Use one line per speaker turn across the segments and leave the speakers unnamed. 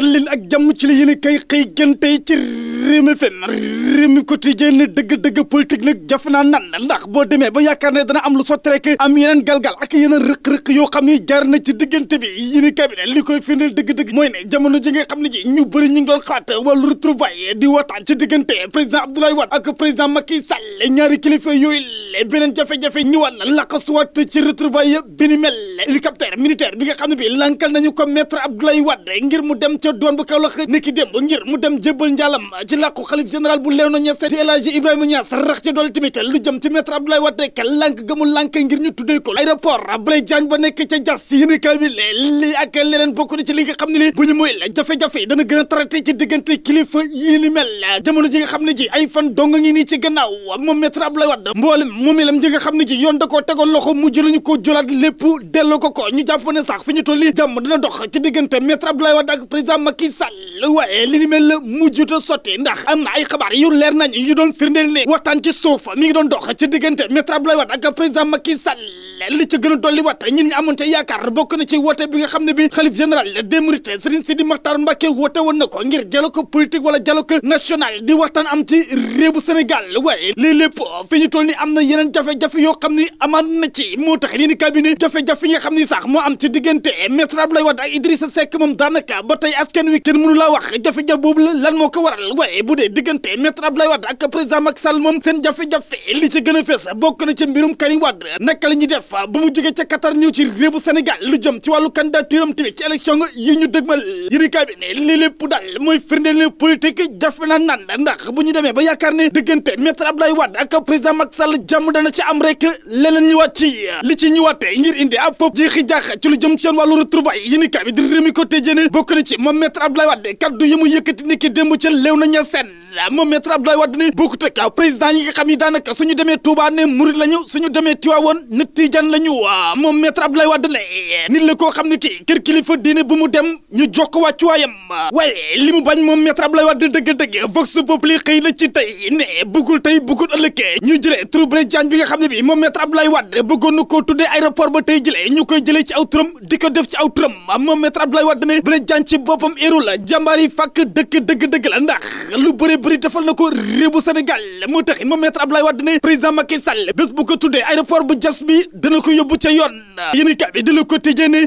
dal leen ak jàmm ci la yéen a kay xëy gën tey ci Rewmi FM Rewmi Quotidien ne dëgg-dëgg politique nag jaf naa nan ndax boo demee ba yaakaar ne dana am lu sotti rek am yeneen galgal ak yeneen rëq-rëq yoo xam ne jaar na ci diggante bi yi ni cabinet li koy firndeel dëgg-dëgg mooy ne jamono ji nga xam ne ji ñu bëri ñu ngi doon xaat wàllu retrouvaille di waxtaan ci diggante président Abdoulaye Wade ak président Macky Sall ñaari kilifa yooy le beneen jafe-jafe ñëwaat na laqasuwaat ci retrouvaille bi ni mel hélicoptère militaire bi nga xam ne bi lankal nañu ko maître Abdoulaye Wade ngir mu dem ca doon bu Kaolack niki démb ngir mu dem jébbal njaalam ci lakk xalif général bu Léona Niass di El Hadji Ibrahima Niass rax ci dool tamit lu jëm ci maître Abdoulaye Wade ka lànk gëmul lànk ngir ñu tuddee ko aéroport Abdoulaye i kaay bi lii na ci li nga xam ne li bu ñu muy jafe dana traité ci diggante kilifa yii li mel jamono ji nga xam ne ji ay fan dong ngi nii ci gannaaw moom maître Abdoulaye Wade mboolem moomeelam ji nga xam ne ji yoon da koo tegoon loxo mujj lañu ko jëlaat lépp delloo ko ko ñu jàpp ne sax fi ñu toll li jàmm dana dox ci diggante maître Abdoulaye Wade ak président Macky waaye li ni mel mujj ta sotti ndax am na ay xabaar yu leer nañ yu doon firndeel ne waxtaan ci suuf mi ngi doon dox ci diggante maître Abdoulaye Wade ak président Macky li ci gën a dolli wat ñun ñi amoon ca bokk na ci woote bi nga xam ne bi xalif général des Mourides Serigne Sidi Makhtar Mbacké woote woon na ko ngir dialogue politique wala dialogue national di waxtaan am ci réewu Sénégal waaye lii lépp fi ñu toll ni am na yeneen jafe-jafe yoo xam ni amaat na ci moo tax ni sax jafe-jafe bu dee diggante maître Abdoulaye Wade ak président Macky Sall moom seen jafe-jafe li ci gën a fees bokk na ci mbirum Karim Wade naka la ñuy def ba mu jógee ca Qatar ñëw ci réewu Sénégal lu jëm ci wàllu candidature am tamit ci élection yi ñu dëgmal yéen kaay bi li lii lépp daal mooy firndeel ne politique jafe na nan ndax bu ñu demee ba yaakaar ne diggante maître Abdoulaye Wade ak président Macky Sall jàmm dana ci am rek leneen ñëwaat ci li ci ñëwaatee ngir indi a foofu jeexi jaax ci lu jëm ci seen bokk na ci moom maître Abdoulaye Wade kaddu yi mu yëkkati niki démb ca Léona Niass seen moom maître Abdoulaye Wade ne bokkut ak waaw ah président yi nga xam ni daanaka suñu demee Touba ne murit la ñu suñu demee Tiwaawoon ne Tijaan la ñu waaw ah, moom maître Abdoulaye Wade ne nit la koo xam ne kii kër kilifa diine bu mu dem ñu jokk wàccuwaayam ah, waaye li mu bañ moom maître Abdoulaye Wade dëgg-dëgg vox populi xëy na ci tey ne bëggul tey bëggul ëllëg ñu jëlee Touré Blaise bi nga xam ne bi moom maître Abdoulaye Wade bëggoon na koo tuddee aéroport ba tey jëlee ñu koy jëlee ci aw turam di ko def ci aw turam moom maître lay Wade ne Blaise Diagne ci boppam héros la jàmbaar yi fàkk dëkk dëgg dëgg la ndax lu bëri bëri defal na ko réewu Sénégal moo tax moom maître Abdoulaye Wade ne président Macky Sall bés bu ko tuddee aéroport bu jas bi dana ko yóbbu ca yoon yéen bi di ko tëjee ne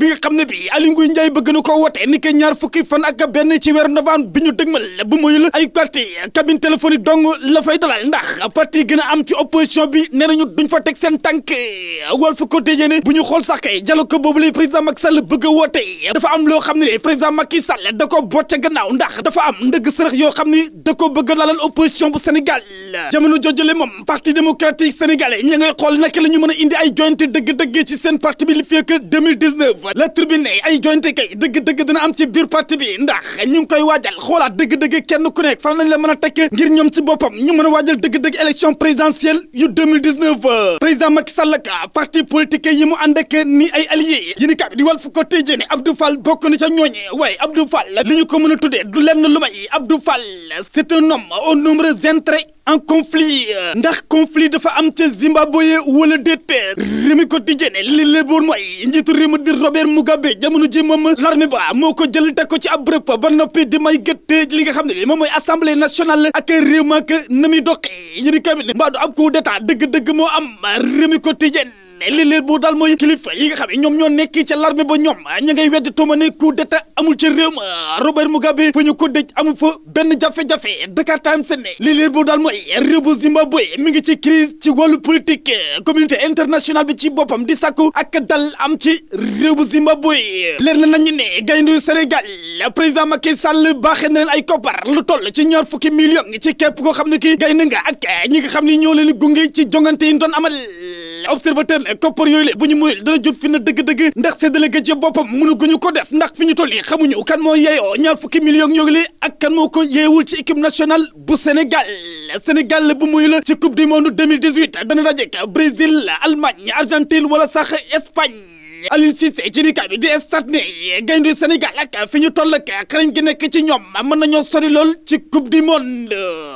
bi xam ne bi Aly Ngouille Ndiaye bëgg na ko wote ni ko ñaar fukki fan ak benn ci weeru novembre bi ñu dëgmal bu muyul ay parti cabine téléphonique dong la fay dalal ndax parti gën a am ci opposition bi nee nañu duñ fa teg seen tànk Walf Quotidien ne bu ñu xool sax kay dialogue boobu lay président Macky am loo xam ne président Macky Sall da ko boot ca gannaaw ndax am ndëgg yoo xam ni da ko bëgg lalal opposition bu Sénégal jamono jojale moom parti démocratique sénégalais ña ngay xool naka la ñu mën a indi ay joynte dëgg-dëgg ci seen parti bi li fekk 2019 la tribune ay joynte kay dëgg-dëgg dana am ci biir parti bi ndax ñu ngi koy waajal xoolaat dëgg-dëgg kenn ku nekk fan lañ la mën a tekk ngir ñoom ci boppam ñu mën a waajal dëgg-dëgg élection présidentielle yu 2019 président Macky Sall ak parti politique yi mu ànd ak ni ay alliés yi ni kab di ko téjee ne Abdou Fall bokk du lenn lu Fall c'est un homme aux nombreux intérêts en conflit ndax conflit dafa am ca Zimbabwe wala déet Rewmi Quotidien li léeboon mooy njiitu réew mi di Robert Mugabe jamono ji moom l'armée ba moo ko jël teg ko ci ab bërëb ba noppi di may gëtt li nga xam ne bi moom mooy assemblée nationale ak réew mi ak na muy doxee yéen i kabi ne mbaa am coup d'état dëgg-dëgg moo am Rewmi Quotidien ne li leen bu mooy kilifa yi nga xam ne ñoom ñoo nekk ca l'armée ba ñoom ña nga weddi tuuma ne coup d'état amul ci réew Robert Mugabe fu ñu ko dëj amul fa benn jafe-jafe Dakar Times ne li leen bu daal mooy réew bu Zimbabwe mi ngi ci crise ci wàllu politique communauté international bi ci boppam di sako ak dal am ci réew bu Zimbabwe leer na nañu ne gayndu Sénégal président Macky Sall baaxee na leen ay koppar lu toll ci ñaar fukki million ci kep koo xam ne ki gaynde nga ak ñi nga xam ne ñoo leen gunge ci jongante yi doon amal observateur koppar yooyu le bu ñu muy dana jot fi na dëgg-dëgg ndax séddale ga ci boppam mënu guñu ko def ndax fi ñu toll yi xamuñu kan moo yeeyoo ñaar fukki millions yooyu le ak kan moo ko yeewul ci équipe nationale bu Sénégal Sénégal bu muy la ci coupe du monde 2018 dana dajek Brésil Allemagne Argentine wala sax Espagne Aliou Cissé ci di kat bi di stade ne gaynde Sénégal ak fi ñu toll ak xarañ gi nekk ci ñoom mën nañoo sori lool ci coupe du monde